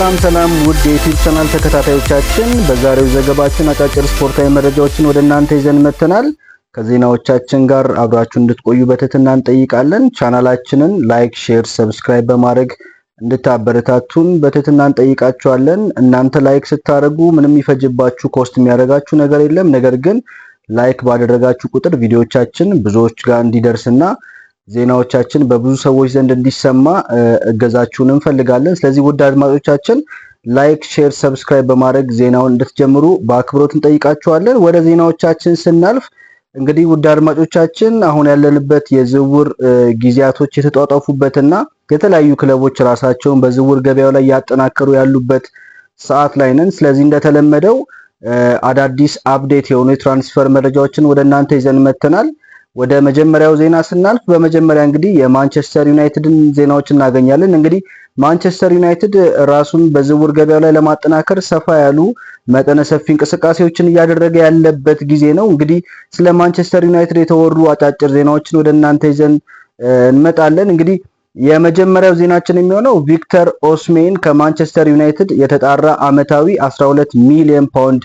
ሰላም ሰላም ውድ የዩቲዩብ ቻናል ተከታታዮቻችን፣ በዛሬው ዘገባችን አጫጭር ስፖርታዊ መረጃዎችን ወደ እናንተ ይዘን መጥተናል። ከዜናዎቻችን ጋር አብራችሁ እንድትቆዩ በትህትና እንጠይቃለን። ቻናላችንን ላይክ፣ ሼር፣ ሰብስክራይብ በማድረግ እንድታበረታቱን በትህትና እንጠይቃችኋለን። እናንተ ላይክ ስታደርጉ ምንም ይፈጅባችሁ ኮስት የሚያደርጋችሁ ነገር የለም። ነገር ግን ላይክ ባደረጋችሁ ቁጥር ቪዲዮዎቻችን ብዙዎች ጋር እንዲደርስና ዜናዎቻችን በብዙ ሰዎች ዘንድ እንዲሰማ እገዛችሁን እንፈልጋለን። ስለዚህ ውድ አድማጮቻችን ላይክ፣ ሼር፣ ሰብስክራይብ በማድረግ ዜናውን እንድትጀምሩ በአክብሮት እንጠይቃችኋለን። ወደ ዜናዎቻችን ስናልፍ እንግዲህ ውድ አድማጮቻችን አሁን ያለንበት የዝውውር ጊዜያቶች የተጧጧፉበትና የተለያዩ ክለቦች ራሳቸውን በዝውውር ገበያው ላይ ያጠናከሩ ያሉበት ሰዓት ላይ ነን። ስለዚህ እንደተለመደው አዳዲስ አፕዴት የሆኑ የትራንስፈር መረጃዎችን ወደ እናንተ ይዘን መተናል። ወደ መጀመሪያው ዜና ስናልፍ በመጀመሪያ እንግዲህ የማንቸስተር ዩናይትድን ዜናዎች እናገኛለን። እንግዲህ ማንቸስተር ዩናይትድ ራሱን በዝውውር ገበያው ላይ ለማጠናከር ሰፋ ያሉ መጠነ ሰፊ እንቅስቃሴዎችን እያደረገ ያለበት ጊዜ ነው። እንግዲህ ስለ ማንቸስተር ዩናይትድ የተወሩ አጫጭር ዜናዎችን ወደ እናንተ ይዘን እንመጣለን። እንግዲህ የመጀመሪያው ዜናችን የሚሆነው ቪክተር ኦስሜን ከማንቸስተር ዩናይትድ የተጣራ ዓመታዊ 12 ሚሊዮን ፓውንድ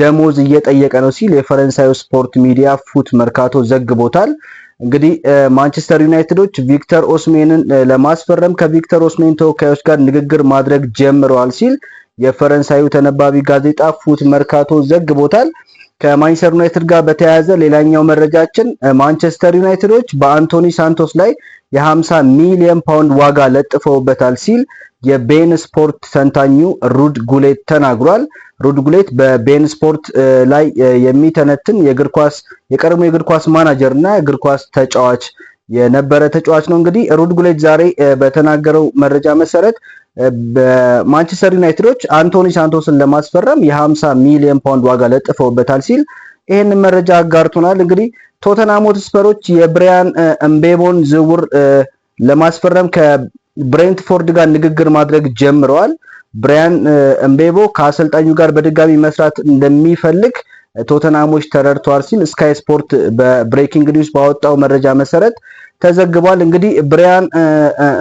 ደሞዝ እየጠየቀ ነው ሲል የፈረንሳዩ ስፖርት ሚዲያ ፉት መርካቶ ዘግቦታል። እንግዲህ ማንቸስተር ዩናይትዶች ቪክተር ኦስሜንን ለማስፈረም ከቪክተር ኦስሜን ተወካዮች ጋር ንግግር ማድረግ ጀምረዋል ሲል የፈረንሳዩ ተነባቢ ጋዜጣ ፉት መርካቶ ዘግቦታል። ከማንቸስተር ዩናይትድ ጋር በተያያዘ ሌላኛው መረጃችን ማንቸስተር ዩናይትዶች በአንቶኒ ሳንቶስ ላይ የ50 ሚሊዮን ፓውንድ ዋጋ ለጥፈውበታል ሲል የቤን ስፖርት ተንታኙ ሩድ ጉሌት ተናግሯል። ሩድ ጉሌት በቤን ስፖርት ላይ የሚተነትን የእግር ኳስ የቀድሞ የእግር ኳስ ማናጀር እና የእግር ኳስ ተጫዋች የነበረ ተጫዋች ነው። እንግዲህ ሩድ ጉሌት ዛሬ በተናገረው መረጃ መሰረት በማንቸስተር ዩናይትዶች አንቶኒ ሳንቶስን ለማስፈረም የ50 ሚሊዮን ፓውንድ ዋጋ ለጥፈውበታል ሲል ይህንን መረጃ አጋርቶናል። እንግዲህ ቶተናም ሆትስፐሮች የብሪያን እምቤሞን ዝውውር ለማስፈረም ከብሬንትፎርድ ጋር ንግግር ማድረግ ጀምረዋል። ብሪያን እምቤቦ ከአሰልጣኙ ጋር በድጋሚ መስራት እንደሚፈልግ ቶተናሞች ተረድተዋል ሲል ስካይ ስፖርት በብሬኪንግ ኒውስ ባወጣው መረጃ መሰረት ተዘግቧል። እንግዲህ ብሪያን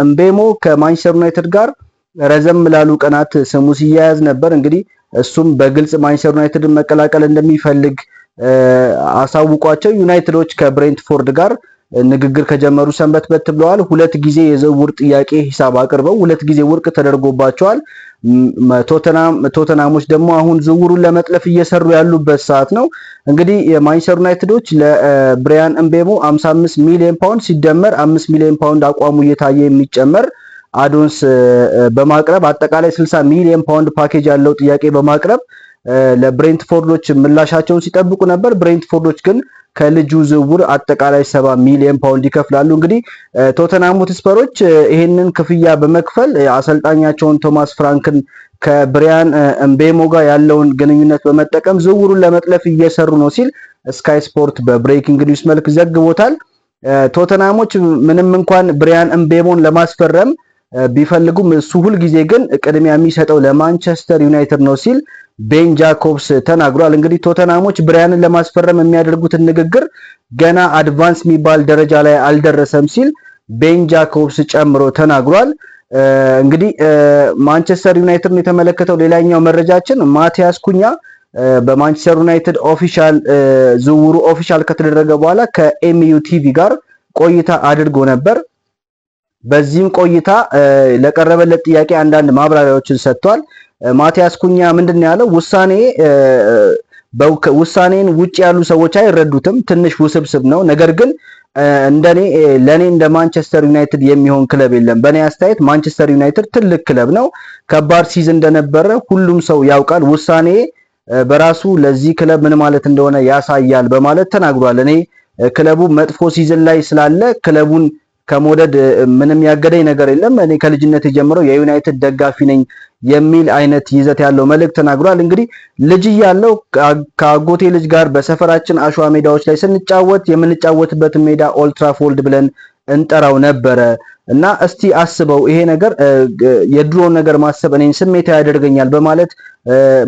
እምቤሞ ከማንቸስተር ዩናይትድ ጋር ረዘም ላሉ ቀናት ስሙ ሲያያዝ ነበር። እንግዲህ እሱም በግልጽ ማንቸስተር ዩናይትድን መቀላቀል እንደሚፈልግ አሳውቋቸው ዩናይትዶች ከብሬንትፎርድ ጋር ንግግር ከጀመሩ ሰንበት በት ብለዋል። ሁለት ጊዜ የዝውውር ጥያቄ ሂሳብ አቅርበው ሁለት ጊዜ ውድቅ ተደርጎባቸዋል። ቶተናሞች ደግሞ አሁን ዝውውሩን ለመጥለፍ እየሰሩ ያሉበት ሰዓት ነው። እንግዲህ የማንቸስተር ዩናይትዶች ለብሪያን እምቤሞ 55 ሚሊዮን ፓውንድ ሲደመር 5 ሚሊዮን ፓውንድ አቋሙ እየታየ የሚጨመር አዶንስ በማቅረብ አጠቃላይ 60 ሚሊዮን ፓውንድ ፓኬጅ ያለው ጥያቄ በማቅረብ ለብሬንትፎርዶች ምላሻቸውን ሲጠብቁ ነበር። ብሬንትፎርዶች ግን ከልጁ ዝውውር አጠቃላይ ሰባ ሚሊዮን ፓውንድ ይከፍላሉ። እንግዲህ ቶተንሃም ሆትስፐሮች ይህንን ክፍያ በመክፈል አሰልጣኛቸውን ቶማስ ፍራንክን ከብሪያን እምቤሞ ጋር ያለውን ግንኙነት በመጠቀም ዝውውሩን ለመጥለፍ እየሰሩ ነው ሲል ስካይ ስፖርት በብሬኪንግ ኒውስ መልክ ዘግቦታል። ቶተናሞች ምንም እንኳን ብሪያን እምቤሞን ለማስፈረም ቢፈልጉም እሱ ሁልጊዜ ግን ቅድሚያ የሚሰጠው ለማንቸስተር ዩናይትድ ነው ሲል ቤን ጃኮብስ ተናግሯል። እንግዲህ ቶተናሞች ብሪያንን ለማስፈረም የሚያደርጉትን ንግግር ገና አድቫንስ የሚባል ደረጃ ላይ አልደረሰም ሲል ቤን ጃኮብስ ጨምሮ ተናግሯል። እንግዲህ ማንቸስተር ዩናይትድን የተመለከተው ሌላኛው መረጃችን ማቲያስ ኩኛ በማንቸስተር ዩናይትድ ኦፊሻል ዝውውሩ ኦፊሻል ከተደረገ በኋላ ከኤምዩ ቲቪ ጋር ቆይታ አድርጎ ነበር። በዚህም ቆይታ ለቀረበለት ጥያቄ አንዳንድ ማብራሪያዎችን ሰጥቷል። ማቲያስ ኩኛ ምንድን ነው ያለው? ውሳኔ ውሳኔን ውጭ ያሉ ሰዎች አይረዱትም፣ ትንሽ ውስብስብ ነው። ነገር ግን እንደኔ ለኔ እንደ ማንቸስተር ዩናይትድ የሚሆን ክለብ የለም። በእኔ አስተያየት ማንቸስተር ዩናይትድ ትልቅ ክለብ ነው። ከባድ ሲዝ እንደነበረ ሁሉም ሰው ያውቃል። ውሳኔ በራሱ ለዚህ ክለብ ምን ማለት እንደሆነ ያሳያል በማለት ተናግሯል። እኔ ክለቡ መጥፎ ሲዝን ላይ ስላለ ክለቡን ከመውደድ ምንም ያገደኝ ነገር የለም። እኔ ከልጅነት ጀምሮ የዩናይትድ ደጋፊ ነኝ የሚል አይነት ይዘት ያለው መልእክት ተናግሯል። እንግዲህ ልጅ ያለው ከአጎቴ ልጅ ጋር በሰፈራችን አሸዋ ሜዳዎች ላይ ስንጫወት የምንጫወትበት ሜዳ ኦልትራፎልድ ብለን እንጠራው ነበረ እና እስቲ አስበው ይሄ ነገር የድሮን ነገር ማሰብ እኔን ስሜት ያደርገኛል በማለት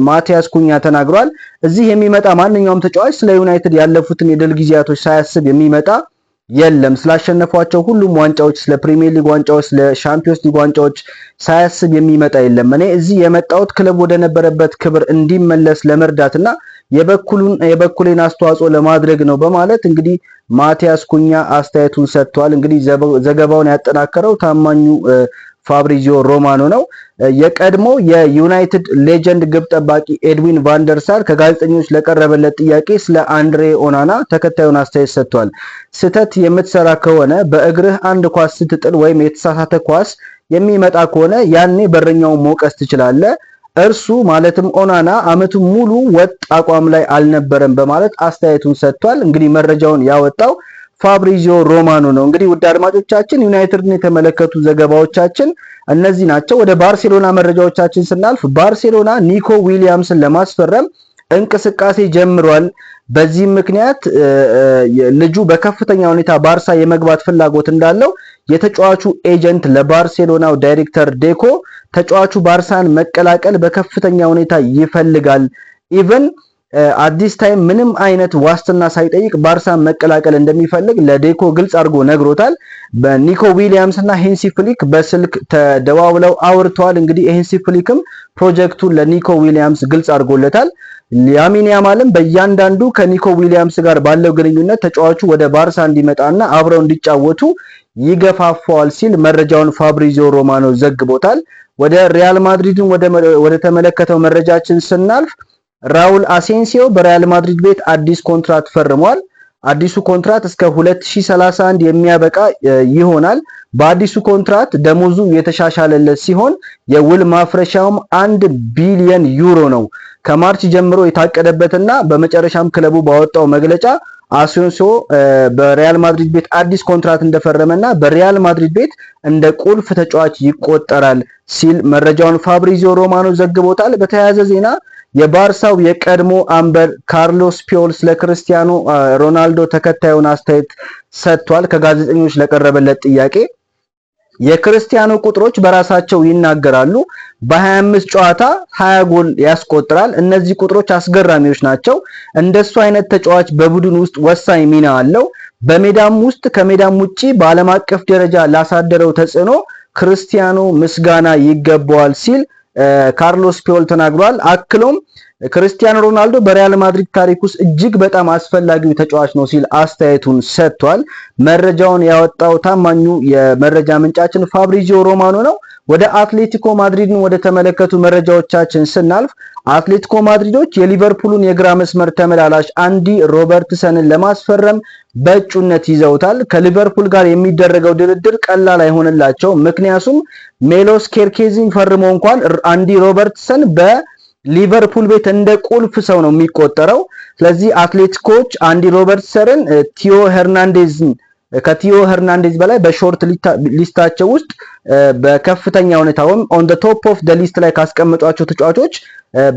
ማቲያስ ኩኛ ተናግሯል። እዚህ የሚመጣ ማንኛውም ተጫዋች ስለ ዩናይትድ ያለፉትን የድል ጊዜያቶች ሳያስብ የሚመጣ የለም ስላሸነፏቸው ሁሉም ዋንጫዎች፣ ስለ ፕሪሚየር ሊግ ዋንጫዎች፣ ስለ ሻምፒዮንስ ሊግ ዋንጫዎች ሳያስብ የሚመጣ የለም። እኔ እዚህ የመጣሁት ክለብ ወደ ነበረበት ክብር እንዲመለስ ለመርዳትና የበኩሉን የበኩሌን አስተዋጽኦ ለማድረግ ነው በማለት እንግዲህ ማቲያስ ኩኛ አስተያየቱን ሰጥቷል። እንግዲህ ዘገባውን ያጠናከረው ታማኙ ፋብሪዚዮ ሮማኖ ነው። የቀድሞ የዩናይትድ ሌጀንድ ግብ ጠባቂ ኤድዊን ቫንደርሳር ከጋዜጠኞች ለቀረበለት ጥያቄ ስለ አንድሬ ኦናና ተከታዩን አስተያየት ሰጥቷል። ስህተት የምትሰራ ከሆነ በእግርህ አንድ ኳስ ስትጥል ወይም የተሳሳተ ኳስ የሚመጣ ከሆነ ያኔ በረኛውን መውቀስ ትችላለህ። እርሱ ማለትም ኦናና አመቱን ሙሉ ወጥ አቋም ላይ አልነበረም በማለት አስተያየቱን ሰጥቷል። እንግዲህ መረጃውን ያወጣው ፋብሪዚዮ ሮማኖ ነው። እንግዲህ ውድ አድማጮቻችን ዩናይትድን የተመለከቱ ዘገባዎቻችን እነዚህ ናቸው። ወደ ባርሴሎና መረጃዎቻችን ስናልፍ ባርሴሎና ኒኮ ዊሊያምስን ለማስፈረም እንቅስቃሴ ጀምሯል። በዚህም ምክንያት ልጁ በከፍተኛ ሁኔታ ባርሳ የመግባት ፍላጎት እንዳለው የተጫዋቹ ኤጀንት ለባርሴሎናው ዳይሬክተር ዴኮ ተጫዋቹ ባርሳን መቀላቀል በከፍተኛ ሁኔታ ይፈልጋል ኢቨን አዲስ ታይም ምንም አይነት ዋስትና ሳይጠይቅ ባርሳን መቀላቀል እንደሚፈልግ ለዴኮ ግልጽ አድርጎ ነግሮታል። በኒኮ ዊሊያምስ እና ሄንሲ ፍሊክ በስልክ ተደዋውለው አውርተዋል። እንግዲህ ሄንሲ ፍሊክም ፕሮጀክቱን ለኒኮ ዊሊያምስ ግልጽ አድርጎለታል። ላሚን ያማልም በእያንዳንዱ ከኒኮ ዊሊያምስ ጋር ባለው ግንኙነት ተጫዋቹ ወደ ባርሳ እንዲመጣና አብረው እንዲጫወቱ ይገፋፋዋል ሲል መረጃውን ፋብሪዚዮ ሮማኖ ዘግቦታል። ወደ ሪያል ማድሪድን ወደ ተመለከተው መረጃችን ስናልፍ ራውል አሴንሲዮ በሪያል ማድሪድ ቤት አዲስ ኮንትራት ፈርሟል። አዲሱ ኮንትራት እስከ 2031 የሚያበቃ ይሆናል። በአዲሱ ኮንትራት ደሞዙ የተሻሻለለት ሲሆን የውል ማፍረሻውም አንድ ቢሊዮን ዩሮ ነው። ከማርች ጀምሮ የታቀደበትና በመጨረሻም ክለቡ ባወጣው መግለጫ አሴንሲዮ በሪያል ማድሪድ ቤት አዲስ ኮንትራት እንደፈረመና በሪያል ማድሪድ ቤት እንደ ቁልፍ ተጫዋች ይቆጠራል ሲል መረጃውን ፋብሪዚዮ ሮማኖ ዘግቦታል። በተያያዘ ዜና የባርሳው የቀድሞ አምበር ካርሎስ ፒዮል ስለ ክርስቲያኖ ሮናልዶ ተከታዩን አስተያየት ሰጥቷል። ከጋዜጠኞች ለቀረበለት ጥያቄ የክርስቲያኖ ቁጥሮች በራሳቸው ይናገራሉ። በ25 ጨዋታ 20 ጎል ያስቆጥራል። እነዚህ ቁጥሮች አስገራሚዎች ናቸው። እንደሱ አይነት ተጫዋች በቡድን ውስጥ ወሳኝ ሚና አለው። በሜዳም ውስጥ ከሜዳም ውጪ በዓለም አቀፍ ደረጃ ላሳደረው ተጽዕኖ ክርስቲያኖ ምስጋና ይገባዋል ሲል ካርሎስ ፒዮል ተናግሯል። አክሎም ክርስቲያኖ ሮናልዶ በሪያል ማድሪድ ታሪክ ውስጥ እጅግ በጣም አስፈላጊው ተጫዋች ነው ሲል አስተያየቱን ሰጥቷል። መረጃውን ያወጣው ታማኙ የመረጃ ምንጫችን ፋብሪዚዮ ሮማኖ ነው። ወደ አትሌቲኮ ማድሪድን ወደ ተመለከቱ መረጃዎቻችን ስናልፍ አትሌቲኮ ማድሪዶች የሊቨርፑሉን የግራ መስመር ተመላላሽ አንዲ ሮበርትሰንን ለማስፈረም በእጩነት ይዘውታል። ከሊቨርፑል ጋር የሚደረገው ድርድር ቀላል አይሆንላቸው። ምክንያቱም ሜሎስ ኬርኬዝን ፈርሞ እንኳን አንዲ ሮበርትሰን በ ሊቨርፑል ቤት እንደ ቁልፍ ሰው ነው የሚቆጠረው። ስለዚህ አትሌቲኮች አንዲ ሮበርትሰንን ቲዮ ሄርናንዴዝን ከቲዮ ሄርናንዴዝ በላይ በሾርት ሊስታቸው ውስጥ በከፍተኛ ወይም ኦን ዘ ቶፕ ኦፍ ዘ ሊስት ላይ ካስቀመጧቸው ተጫዋቾች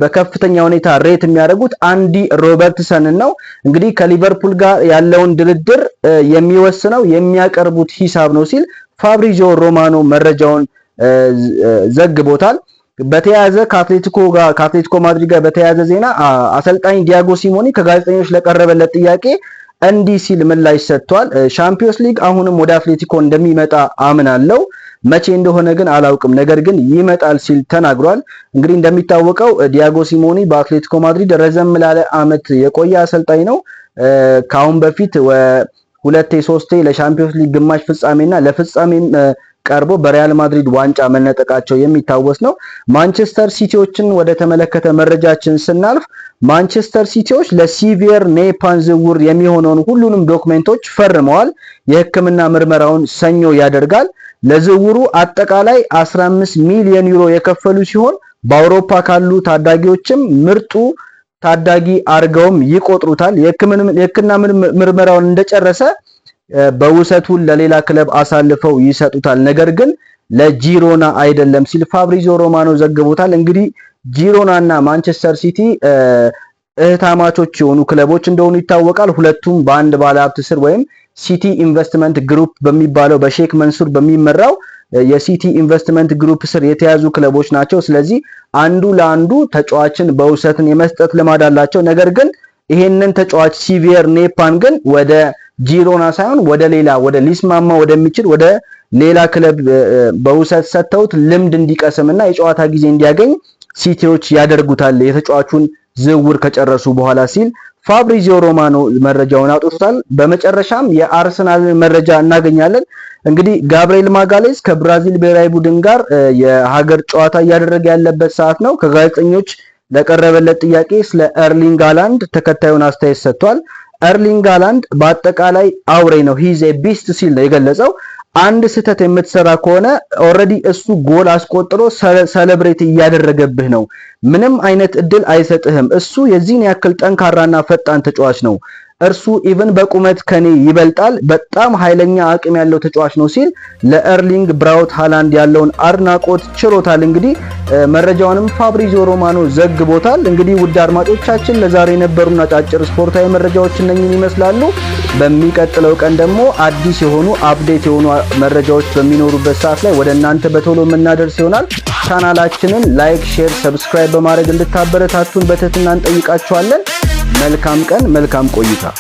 በከፍተኛ ሁኔታ ሬት የሚያደርጉት አንዲ ሮበርትሰንን ነው። እንግዲህ ከሊቨርፑል ጋር ያለውን ድርድር የሚወስነው የሚያቀርቡት ሂሳብ ነው ሲል ፋብሪዚዮ ሮማኖ መረጃውን ዘግቦታል። በተያያዘ ከአትሌቲኮ ጋር ከአትሌቲኮ ማድሪድ ጋር በተያያዘ ዜና አሰልጣኝ ዲያጎ ሲሞኒ ከጋዜጠኞች ለቀረበለት ጥያቄ እንዲህ ሲል ምላሽ ሰጥቷል። ሻምፒዮንስ ሊግ አሁንም ወደ አትሌቲኮ እንደሚመጣ አምናለሁ መቼ እንደሆነ ግን አላውቅም፣ ነገር ግን ይመጣል ሲል ተናግሯል። እንግዲህ እንደሚታወቀው ዲያጎ ሲሞኒ በአትሌቲኮ ማድሪድ ረዘም ላለ ዓመት የቆየ አሰልጣኝ ነው። ከአሁን በፊት ሁለቴ ሶስቴ ለሻምፒዮንስ ሊግ ግማሽ ፍጻሜና ለፍጻሜም ቀርቦ በሪያል ማድሪድ ዋንጫ መነጠቃቸው የሚታወስ ነው። ማንቸስተር ሲቲዎችን ወደ ተመለከተ መረጃችን ስናልፍ ማንቸስተር ሲቲዎች ለሲቪየር ኔፓን ዝውውር የሚሆነውን ሁሉንም ዶክመንቶች ፈርመዋል። የሕክምና ምርመራውን ሰኞ ያደርጋል። ለዝውውሩ አጠቃላይ 15 ሚሊዮን ዩሮ የከፈሉ ሲሆን በአውሮፓ ካሉ ታዳጊዎችም ምርጡ ታዳጊ አድርገውም ይቆጥሩታል። የሕክምና ምርመራውን እንደጨረሰ በውሰቱን ለሌላ ክለብ አሳልፈው ይሰጡታል፣ ነገር ግን ለጂሮና አይደለም ሲል ፋብሪዞ ሮማኖ ዘግቦታል። እንግዲህ ጂሮና እና ማንቸስተር ሲቲ እህታማቾች የሆኑ ክለቦች እንደሆኑ ይታወቃል። ሁለቱም በአንድ ባለሀብት ስር ወይም ሲቲ ኢንቨስትመንት ግሩፕ በሚባለው በሼክ መንሱር በሚመራው የሲቲ ኢንቨስትመንት ግሩፕ ስር የተያዙ ክለቦች ናቸው። ስለዚህ አንዱ ለአንዱ ተጫዋችን በውሰትን የመስጠት ልማድ አላቸው። ነገር ግን ይሄንን ተጫዋች ሲቪየር ኔፓን ግን ወደ ጂሮና ሳይሆን ወደ ሌላ ወደ ሊስማማ ወደሚችል ወደ ሌላ ክለብ በውሰት ሰጥተውት ልምድ እንዲቀስምና የጨዋታ ጊዜ እንዲያገኝ ሲቲዎች ያደርጉታል የተጫዋቹን ዝውውር ከጨረሱ በኋላ ሲል ፋብሪዚዮ ሮማኖ መረጃውን አውጥቶታል። በመጨረሻም የአርሰናል መረጃ እናገኛለን። እንግዲህ ጋብርኤል ማጋሌስ ከብራዚል ብሔራዊ ቡድን ጋር የሀገር ጨዋታ እያደረገ ያለበት ሰዓት ነው። ከጋዜጠኞች ለቀረበለት ጥያቄ ስለ ኤርሊንግ ሃላንድ ተከታዩን አስተያየት ሰጥቷል። ኤርሊንግ ሃላንድ በአጠቃላይ አውሬ ነው ሂዝ ቢስት ሲል ነው የገለጸው። አንድ ስህተት የምትሰራ ከሆነ ኦልሬዲ እሱ ጎል አስቆጥሮ ሰለብሬት እያደረገብህ ነው። ምንም አይነት እድል አይሰጥህም። እሱ የዚህን ያክል ጠንካራና ፈጣን ተጫዋች ነው። እርሱ ኢቭን በቁመት ከኔ ይበልጣል፣ በጣም ኃይለኛ አቅም ያለው ተጫዋች ነው ሲል ለኤርሊንግ ብራውት ሃላንድ ያለውን አድናቆት ችሮታል። እንግዲህ መረጃውንም ፋብሪዞ ሮማኖ ዘግቦታል። እንግዲህ ውድ አድማጮቻችን ለዛሬ የነበሩና አጫጭር ስፖርታዊ መረጃዎች እነኝን ይመስላሉ። በሚቀጥለው ቀን ደግሞ አዲስ የሆኑ አፕዴት የሆኑ መረጃዎች በሚኖሩበት ሰዓት ላይ ወደ እናንተ በቶሎ የምናደርስ ይሆናል። ቻናላችንን ላይክ፣ ሼር፣ ሰብስክራይብ በማድረግ እንድታበረታቱን በትህትና እንጠይቃችኋለን። መልካም ቀን፣ መልካም ቆይታ